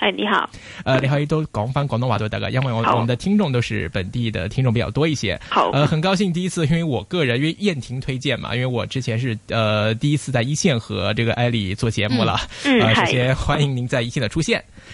哎，Hi, 你好，呃，你好，都廣翻廣東話都大概，因為我們好我，我們的聽眾都是本地的聽眾比較多一些，好，呃，很高興第一次，因為我個人，因為燕婷推薦嘛，因為我之前是，呃第一次在一線和這個艾麗做節目了。嗯，嗯、呃，首先歡迎您在一線的出現。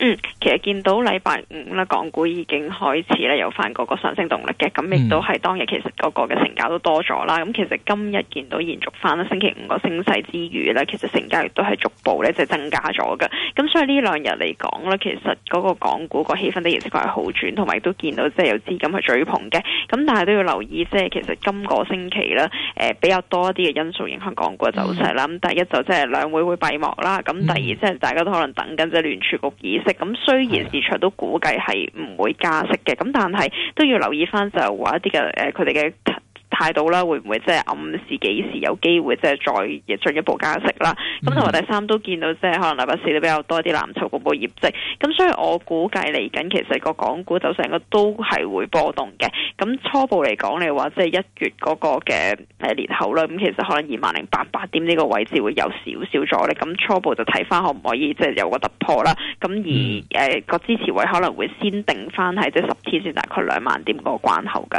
嗯，其實見到禮拜五咧，港股已經開始咧有翻嗰個上升動力嘅，咁亦、嗯、都係當日其實嗰個嘅成交都多咗啦。咁其實今日見到延續翻咧星期五個升勢之餘咧，其實成交亦都係逐步咧即係增加咗㗎。咁所以呢兩日嚟講咧，其實嗰個港股個氣氛的而且確係好轉，同埋亦都見到即係有資金去追捧嘅。咁但係都要留意，即係其實今個星期咧，誒、呃、比較多一啲嘅因素影響港股嘅走勢啦。咁、嗯嗯、第一就即係兩會會閉幕啦，咁第二即係大家都可能等緊即係聯儲局議。咁，雖然市場都估計係唔會加息嘅，咁，但係都要留意翻就話一啲嘅，誒，佢哋嘅。態度啦，會唔會即係暗示幾時有機會即係再亦進一步加息啦？咁同埋第三都見到即係可能禮拜四都比較多啲藍籌股嘅業績，咁所以我估計嚟緊其實個港股就成個都係會波動嘅。咁初步嚟講你話，即係一月嗰個嘅誒年後啦，咁其實可能二萬零八八點呢個位置會有少少阻力。咁初步就睇翻可唔可以即係有個突破啦。咁、嗯、而誒個、呃、支持位可能會先定翻喺即係十天先大概兩萬點嗰個關口㗎。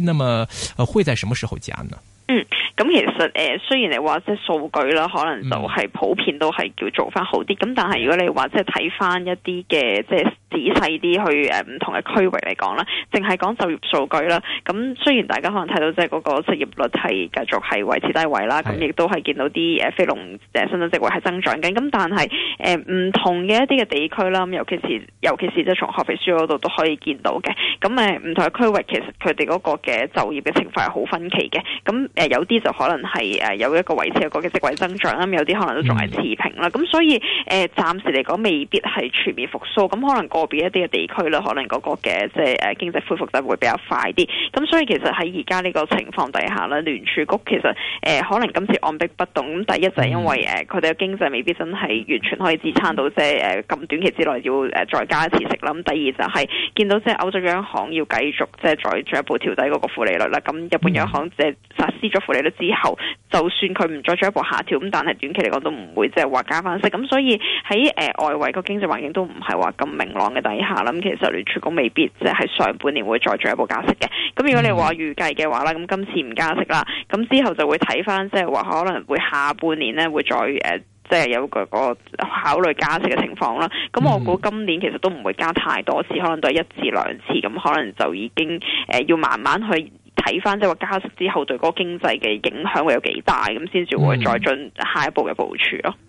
那麼，呃，會在什麼時候加呢？咁、嗯嗯、其實誒，雖然你話即係數據啦，可能就係普遍都係叫做翻好啲。咁但係如果你話即係睇翻一啲嘅即係仔細啲去誒唔同嘅區域嚟講啦，淨係講就業數據啦，咁雖然大家可能睇到即係嗰個失業率係繼續係維持低位啦，咁亦的都係見到啲誒非農誒新增職位係增長緊。咁但係誒唔同嘅一啲嘅地區啦，尤其是尤其是即係從褐皮書嗰度都可以見到嘅。咁誒唔同嘅區域其實佢哋嗰個嘅就業嘅情況係好分歧嘅。咁、嗯誒有啲就可能係誒有一個維持一個嘅職位增長啦，有啲可能都仲係持平啦，咁所以誒暫時嚟講未必係全面復甦，咁可能個別一啲嘅地區咧，可能個個嘅即係誒經濟恢復就會比較快啲，咁所以其實喺而家呢個情況底下咧，聯儲局其實誒、呃、可能今次按兵不動，咁第一就係、是、因為誒佢哋嘅經濟未必真係完全可以支撐到即係誒咁短期之內要誒、呃、再加一次息啦，咁第二就係、是、見到即係、就是、歐洲央行要繼續即係、就是、再進一步調低嗰個負利率啦，咁日本央行即係實施。嗯負利率之後就算佢唔再進一步下調，咁，但係短期嚟講都唔會即係話加翻息咁。所以喺誒、呃、外圍個經濟環境都唔係話咁明朗嘅底下啦，咁其實聯儲局未必即係喺上半年會再進一步加息嘅。咁如果你話預計嘅話啦，咁今次唔加息啦，咁之後就會睇翻即係話可能會下半年咧會再誒即係有個個考慮加息嘅情況啦。咁我估今年其實都唔會加太多次，可能都係一至兩次咁，可能就已經誒、呃、要慢慢去。睇翻即係話加息之後對嗰個經濟嘅影響會有幾大，咁先至會再進下一步嘅部署咯。嗯。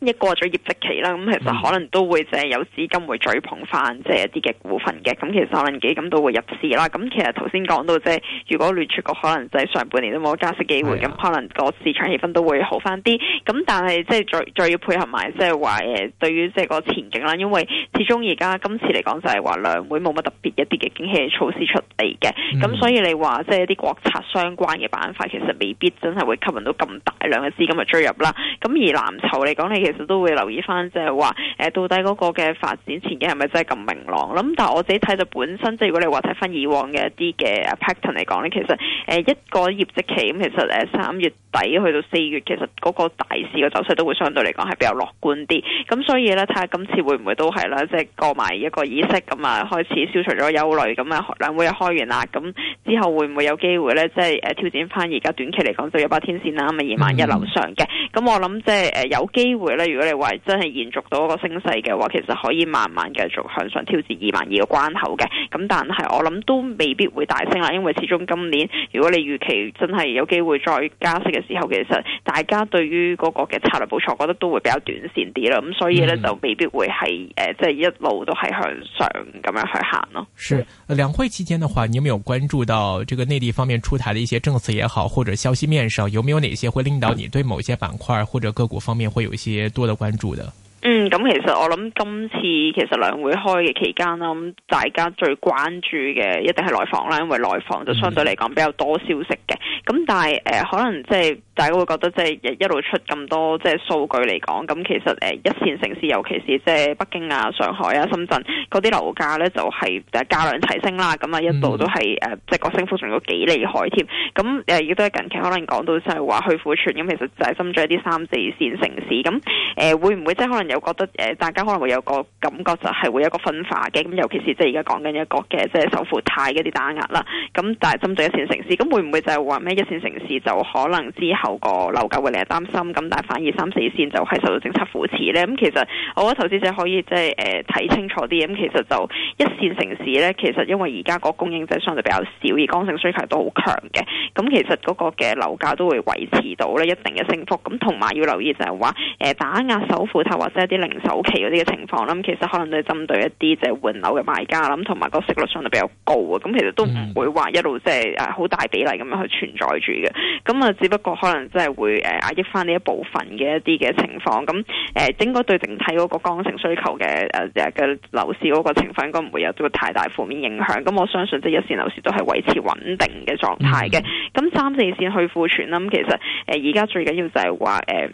一過咗業績期啦，咁其實可能都會即係有資金會追捧翻即係一啲嘅股份嘅，咁其實三零幾咁都會入市啦。咁其實頭先講到即係如果聯儲局可能就係上半年都冇加息機會，咁、哎、呀可能個市場氣氛都會好翻啲。咁但係即係再再要配合埋即係話誒，對於即係個前景啦，因為始終而家今次嚟講就係、是、話兩會冇乜特別一啲嘅經濟措施出嚟嘅，咁、嗯、所以你話即係啲國策相關嘅板塊其實未必真係會吸引到咁大量嘅資金嘅追入啦。咁而藍籌嚟講，你其實都會留意翻，即係話誒，到底嗰個嘅發展前景係咪真係咁明朗？咁但係我自己睇到本身，即係如果你話睇翻以往嘅一啲嘅 pattern 嚟講呢，其實誒一個業績期咁，其實誒三月底去到四月，其實嗰個大市嘅走勢都會相對嚟講係比較樂觀啲。咁所以呢，睇下今次會唔會都係啦，即係過埋一個議息咁啊，開始消除咗憂慮咁啊，兩會又開完啦，咁之後會唔會有機會呢？即係誒挑戰翻而家短期嚟講就有百天線啦，咁啊二萬一樓上嘅。咁我諗即係誒有機會。如果你話真係延續到一個升勢嘅話，其實可以慢慢繼續向上挑戰二萬二個關口嘅。咁但係我諗都未必會大升啦，因為始終今年如果你預期真係有機會再加息嘅時候，其實大家對於嗰個嘅策略部署覺得都會比較短線啲啦。咁所以咧就未必會係誒，即係、嗯呃就是、一路都係向上咁樣去行咯、哦。是兩會期間嘅話，你有冇關注到這個內地方面出台的一些政策也好，或者消息面上有冇有哪些會令到你對某些板塊或者個股方面會有一些？多的關注的。嗯，咁、嗯、其實我諗今次其實兩會開嘅期間啦，咁大家最關注嘅一定係內房啦，因為內房就相對嚟講比較多消息嘅。咁、嗯、但係誒、呃，可能即係大家會覺得即係一路出咁多即係數據嚟講，咁其實誒、呃、一線城市，尤其是即係北京啊、上海啊、深圳嗰啲樓價咧，價就係誒價量提升啦。咁啊、嗯嗯、一度都係誒即係個升幅仲要幾厲害添。咁誒亦都係近期可能講到即係話去庫存，咁、嗯、其實就係針對一啲三四線城市。咁、嗯、誒、呃、會唔會即係可能？又覺得誒，大家可能會有個感覺，就係會有一個分化嘅。咁尤其是即係而家講緊一個嘅，即係首付貸嗰啲打壓啦。咁但係針對一線城市，咁會唔會就係話咩？一線城市就可能之後個樓價會令人擔心。咁但係反而三四線就係受到政策扶持呢？咁其實我覺得投資者可以即係誒睇清楚啲。咁其實就一線城市呢，其實因為而家個供應側相對比較少，而剛性需求都好強嘅。咁其實嗰個嘅樓價都會維持到呢一定嘅升幅。咁同埋要留意就係話誒打壓首付貸或者，一啲零首期嗰啲嘅情況啦，咁其實可能都係針對一啲即係換樓嘅賣家啦，咁同埋個息率相對比較高嘅，咁其實都唔會話一路即係誒好大比例咁樣去存在住嘅，咁啊只不過可能真係會誒壓抑翻呢一部分嘅一啲嘅情況，咁、呃、誒應該，對整體嗰個剛性需求嘅誒嘅樓市嗰個情況應該唔會有到太大負面影響，咁我相信即係一線樓市都係維持穩定嘅狀態嘅，咁、嗯、哼三四線去庫存啦，咁其實誒而家最緊要就係話誒。呃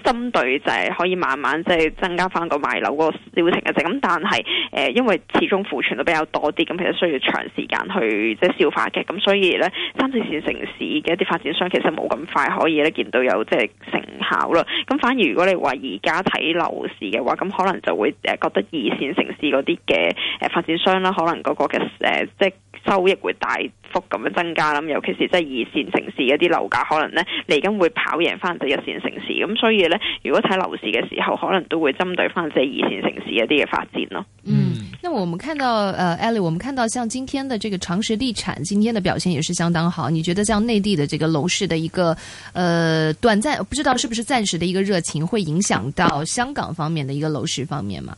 針對就係可以慢慢即係增加翻個賣樓個銷情嘅啫，咁但係誒、呃，因為始終庫存都比較多啲，咁其實需要長時間去即係消化嘅，咁所以咧三四線城市嘅一啲發展商其實冇咁快可以咧見到有即係成效啦。咁反而如果你話而家睇樓市嘅話，咁可能就會誒覺得二線城市嗰啲嘅誒發展商啦，可能嗰個嘅誒即係收益會大幅咁樣增加啦，尤其是即係二線城市嘅啲樓價，可能呢嚟緊會跑贏翻第一線城市，咁所以呢，如果睇樓市嘅時候，可能都會針對翻即係二線城市一啲嘅發展咯。嗯，那我們看到，呃，Ellie，我們看到，像今天的這個長實地產，今天的表現也是相當好。你覺得，像內地的這個樓市的一個，誒、呃，短暫，不知道是不是暫時的一個熱情，會影響到香港方面的一個樓市方面嗎？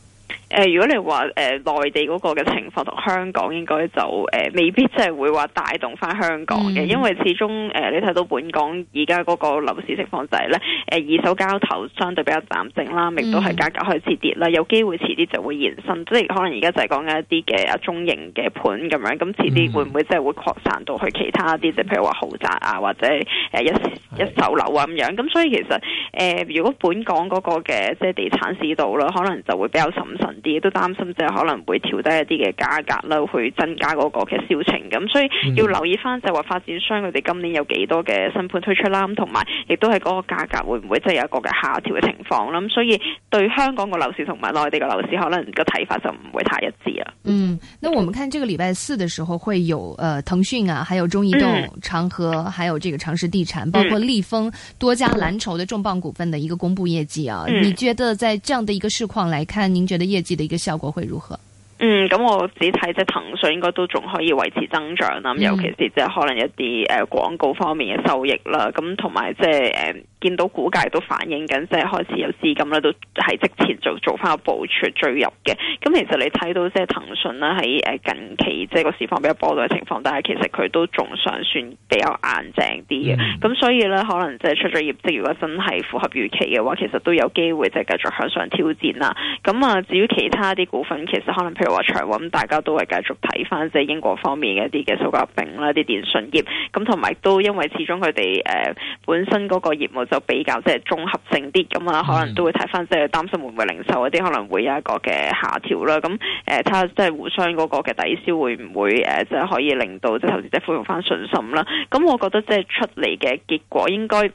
誒、呃，如果你話誒、呃、內地嗰個嘅情況同香港，應該就誒、呃、未必即係會話帶動翻香港嘅，因為始終誒、呃、你睇到本港而家嗰個樓市情況就係咧，誒、呃、二手交投相對比較淡靜啦、啊，亦都係價格，格開始跌啦、啊，有機會遲啲就會延伸，即係可能而家就係講緊一啲嘅一中型嘅盤咁樣，咁遲啲會唔會即係會擴散到去其他啲，即係譬如話豪宅啊，或者誒一一手樓啊咁樣，咁、啊嗯嗯嗯嗯嗯嗯、所以其實誒、呃、如果本港嗰個嘅即係地產市道啦，可能就會比較審慎。啲都擔心，就可能會調低一啲嘅價格啦，去增加嗰個嘅銷情。咁所以要留意翻，就係話發展商佢哋今年有幾多嘅新盤推出啦，同埋亦都係嗰個價格會唔會即係有一個嘅下調嘅情況。咁所以對香港個樓市同埋內地個樓市，可能個睇法就唔會太一致啊。嗯，那我們看這個禮拜四嘅時候，會有呃騰訊啊，還有中移動、嗯、長和，還有這個長實地產，嗯、包括利豐多家藍籌的重磅股份嘅一個公布業績啊。嗯、你覺得在這樣的嘅一個市況來看，您覺得業績的一個效果會如何？嗯，咁我只睇即係騰訊應該都仲可以維持增長啦，尤其是即係可能一啲誒廣告方面嘅收益啦，咁同埋即係誒。呃見到股價都反映緊，即係開始有資金咧，都係即前做做翻個部署追入嘅。咁其實你睇到即係騰訊咧，喺誒近期即係個市況比較波動嘅情況，但係其實佢都仲尚算比較硬淨啲嘅。咁 Yeah. 所以咧，可能即係出咗業績，如果真係符合預期嘅話，其實都有機會即係繼續向上挑戰啦。咁啊，至於其他啲股份，其實可能譬如話長和，大家都係繼續睇翻即係英國方面嘅一啲嘅蘇格並啦，啲電信業，咁同埋都因為始終佢哋誒本身嗰個業務。就比較即係綜合性啲咁啊，可能都會睇翻即係擔心會唔會零售嗰啲可能會有一個嘅下調啦。咁誒，睇下即係互相嗰個嘅抵消會唔會誒，即、呃、係、就是、可以令到即係投資者恢復翻信心啦。咁我覺得即係出嚟嘅結果應該。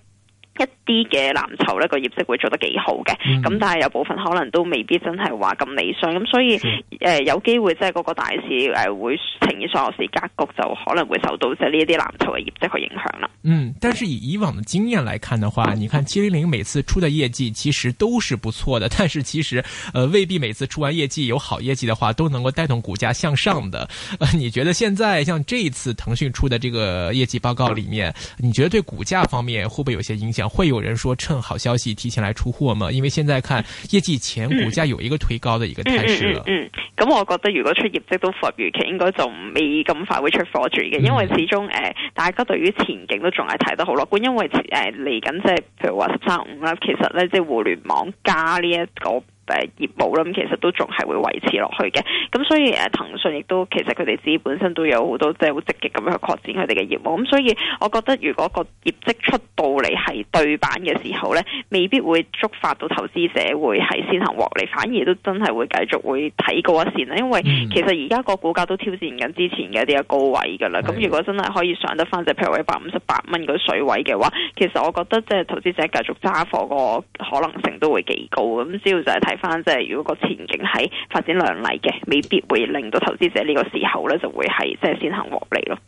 一啲嘅藍籌呢個業績會做得幾好嘅，咁但係有部分可能都未必真係話咁理想，咁所以誒有機會即係嗰個大市誒會呈現上落市格局，就可能會受到即係呢一啲藍籌嘅業績去影響啦。嗯，但是以以往嘅經驗來看嘅話，你看七零零每次出嘅業績其實都是不錯的，但是其實誒、呃、未必每次出完業績有好業績嘅話都能夠帶動股價向上的。呃、你覺得現在像這一次騰訊出嘅這個業績報告裏面，你覺得對股價方面會不會有些影響？會有人說趁好消息提前來出貨嘛？因為現在看業績前股價有一個推高的一個態勢嗯。嗯、咁、嗯嗯嗯嗯嗯、我覺得如果出業績都符合預期，應該就未咁快會出貨住嘅。因為始終誒、呃，大家對於前景都仲係睇得好樂觀。因為誒嚟緊即係譬如話十三五啦，5, 其實咧即係互聯網加呢、這、一個。誒業務啦，咁其實都仲係會維持落去嘅，咁所以誒騰訊亦都其實佢哋自己本身都有好多即係好積極咁樣去擴展佢哋嘅業務，咁所以我覺得如果個業績出到嚟係對版嘅時候咧，未必會觸發到投資者會係先行獲利，反而都真係會繼續會睇高一線啦。因為其實而家個股價都挑戰緊之前嘅一啲嘅高位㗎啦，咁如果真係可以上得翻即譬如話一百五十八蚊嘅水位嘅話，其實我覺得即係投資者繼續揸貨個可能性都會幾高，咁只要就係睇翻即係如果個前景係發展良麗嘅，未必會令到投資者呢個時候咧就會係即係先行獲利咯。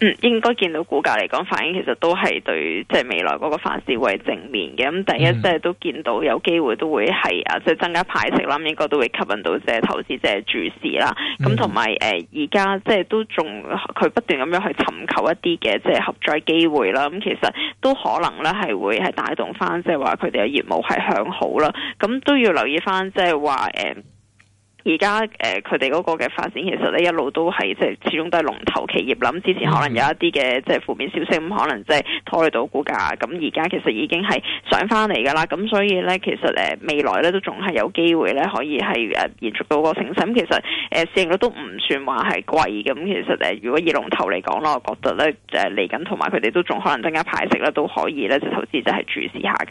嗯，應該見到股價嚟講反映其實都係對即係未來嗰個發展會正面嘅。咁第一、mm. 即係都見到有機會都會係啊，即係增加派息啦，應該都會吸引到即係投資者注視啦。咁同埋誒，而、呃、家即係都仲佢不斷咁樣去尋求一啲嘅即係合資機會啦。咁其實都可能咧係會係帶動翻即係話佢哋嘅業務係向好啦。咁都要留意翻即係話誒。呃而家誒佢哋嗰個嘅發展其實咧一路都係，即係始終都係龍頭企業，諗之前可能有一啲嘅即係負面消息咁，可能即係拖累到股價。咁而家其實已經係上翻嚟㗎啦。咁所以咧，其實誒未來咧都仲係有機會咧可以係誒延續到個上升。咁其實誒市盈率都唔算話係貴。咁其實誒如果以龍頭嚟講啦，我覺得咧誒嚟緊同埋佢哋都仲可能增加派息啦，都可以咧即係投資，即係注視下嘅。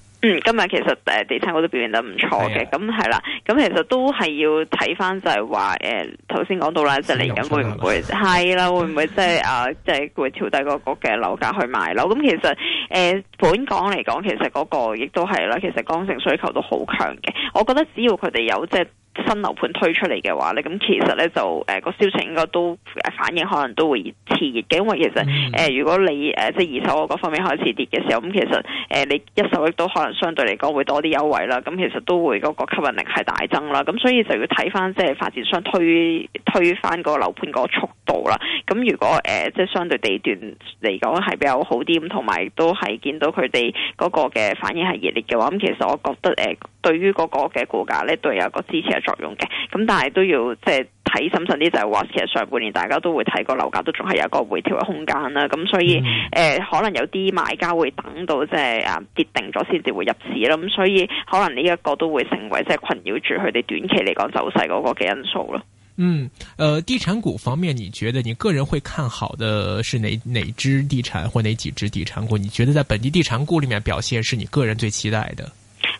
嗯，今日其實誒地產股都表現得唔錯嘅，咁係啦，咁、嗯、其實都係要睇返，就係話誒頭先講到啦，即嚟緊會唔會係啦，會唔會即係啊，即係會調低嗰個嘅樓價去賣樓？咁、嗯、其實誒、呃、本港嚟講，其實嗰個亦都係啦，其實剛性需求都好強嘅。我覺得只要佢哋有即係。新樓盤推出嚟嘅話咧，咁其實咧就誒、呃那個銷情應該都反應可能都會熾熱嘅，因為其實誒、呃、如果你誒、呃、即二手嗰方面開始跌嘅時候，咁、嗯、其實誒、呃、你一手亦都可能相對嚟講會多啲優惠啦，咁其實都會嗰、那個吸引力係大增啦，咁所以就要睇翻即係發展商推推翻個樓盤個速。好啦，咁如果誒、呃，即係相對地段嚟講，係比較好啲，咁同埋都係見到佢哋嗰個嘅反應係熱烈嘅話，咁其實我覺得誒、呃，對於嗰個嘅股價咧，都係有一個支持嘅作用嘅。咁但係都要即係睇深層啲就係、是、話，其實上半年大家都會睇個樓價都仲係有個回調嘅空間啦。咁、啊、所以誒、呃，可能有啲買家會等到即、就、係、是，啊跌定咗先至會入市啦。咁、啊、所以可能呢一個都會成為即係困擾住佢哋短期嚟講走勢嗰個嘅因素咯。嗯，呃，地產股方面，你覺得你個人會看好的是哪哪隻地產或哪幾隻地產股？你覺得在本地地產股裏面表現是你個人最期待的？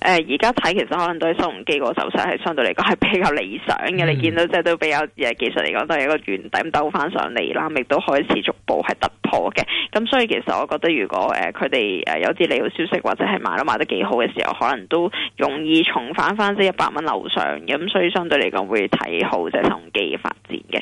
誒，而家睇其實可能都係新鴻基個走勢係相對嚟講係比較理想嘅，嗯、你見到即係都比較誒，技術嚟講都係一個圓底咁兜翻上嚟啦，亦都開始逐步係突破嘅。咁所以其實我覺得如果誒，佢哋誒有啲利好消息或者係賣樓賣得幾好嘅時候，可能都容易重返翻即一百蚊樓上咁，所以相對嚟講會睇好即係新鴻基嘅發展嘅。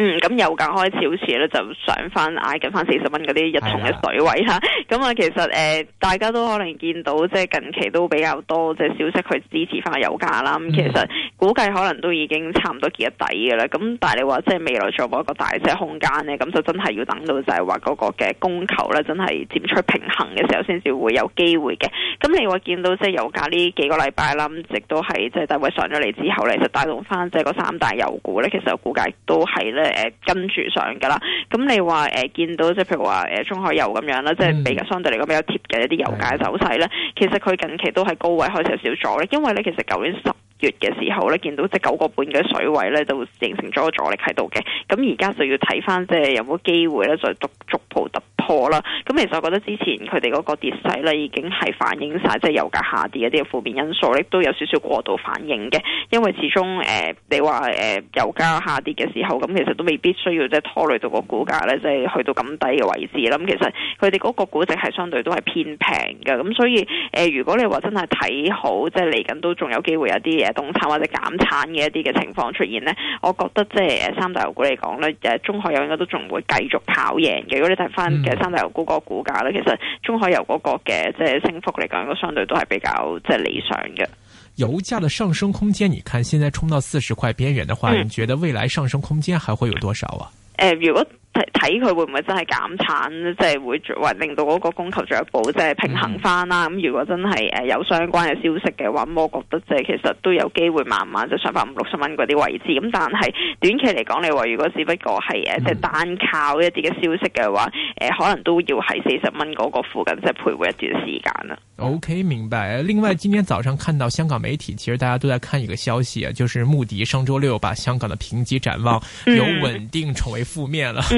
嗯，咁油價開始好似咧就上翻挨緊翻四十蚊嗰啲一桶嘅水位啦。咁的啊，其實誒、呃、大家都可能見到，即係近期都比較多即係消息佢支持翻個油價啦。咁其實估計可能都已經差唔多結底嘅啦。咁但係你話即係未來再冇一個大隻空間咧，咁就真係要等到就係話嗰個嘅供求咧真係漸出平衡嘅時候，先至會有機會嘅。咁你話見到即係油價呢幾個禮拜啦，咁直到係即係低位上咗嚟之後咧，就實帶動翻即係嗰三大油股咧，其實我估計都係咧。誒跟住上嘅啦，咁、嗯、你話誒、呃、見到即係譬如話誒、呃、中海油咁樣啦，即係比較相對嚟講比較貼嘅一啲油價走勢咧，嗯、其實佢近期都係高位開始有少咗咧，因為咧其實舊年十月嘅時候咧，見到即九個半嘅水位咧，就形成咗阻力喺度嘅。咁而家就要睇翻即有冇機會咧，再逐逐步突破啦。咁其實我覺得之前佢哋嗰個跌勢咧，已經係反映晒，即油價下跌一啲嘅負面因素，亦都有少少過度反應嘅。因為始終誒、呃，你話誒、呃、油價下跌嘅時候，咁其實都未必需要即拖累到個股價咧，即去到咁低嘅位置啦。咁其實佢哋嗰個估值係相對都係偏平嘅。咁所以誒、呃，如果你話真係睇好，即嚟緊都仲有機會有啲嘢。凍產或者減產嘅一啲嘅情況出現咧，我覺得即係誒三大油股嚟講咧，誒中海油應該都仲會繼續跑贏嘅。如果你睇翻嘅三大油股個股價咧，嗯、其實中海油嗰個嘅即係升幅嚟講，應該、就是、相對都係比較即係、就是、理想嘅。油價嘅上升空間，你看現在衝到四十塊邊緣的話，嗯、你覺得未來上升空間還會有多少啊？誒、呃，如果。睇佢會唔會真係減產，即係會令到嗰個供求進一步即係平衡翻啦。咁、嗯、如果真係誒有相關嘅消息嘅話，我覺得即係其實都有機會慢慢就上翻五六十蚊嗰啲位置。咁但係短期嚟講，你話如果只不過係誒即係單靠一啲嘅消息嘅話，誒、嗯、可能都要喺四十蚊嗰個附近即係徘徊一段時間啦。OK，明白。另外，今天早上看到香港媒體，其實大家都在看一個消息啊，就是穆迪上週六把香港的評級展望由穩定成為負面了。嗯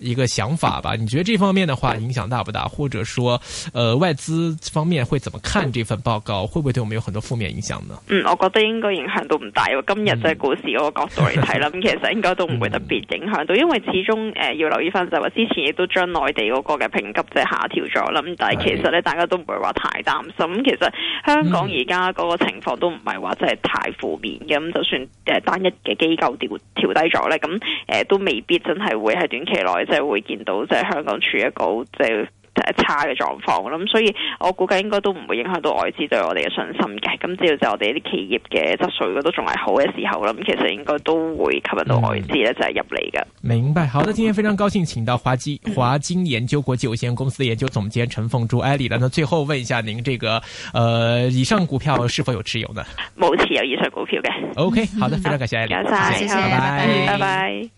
一個想法吧，你覺得這方面的話影響大不大？或者說，呃外資方面會怎麼看這份報告？會不會對我們有很多負面影響呢？嗯，我覺得應該影響都唔大。今日即係股市嗰個角度嚟睇啦，咁其實應該都唔會特別影響到，因為始終誒要留意翻就係話之前亦都將內地嗰個嘅評級即係下調咗啦。咁但係其實咧大家都唔會話太擔心。其實香港而家嗰個情況都唔係話真係太負面嘅。咁就算誒單一嘅機構調調低咗咧，咁誒都未必真係會係短期內。即係會見到，即係香港處一個即係差嘅狀況啦。咁所以我估計應該都唔會影響到外資對我哋嘅信心嘅。咁只要就我哋啲企業嘅質素都仲係好嘅時候啦，咁其實應該都會吸引到外資咧，就係入嚟嘅。明白，好的，今天非常高興請到華基華金研究國際有限公司研究總監陳鳳珠。艾麗，那最後問一下您，這個，呃，以上股票是否有持有呢？冇持有以上股票嘅。OK，好的，非常感謝艾，艾麗謝，謝謝，拜拜。拜拜拜拜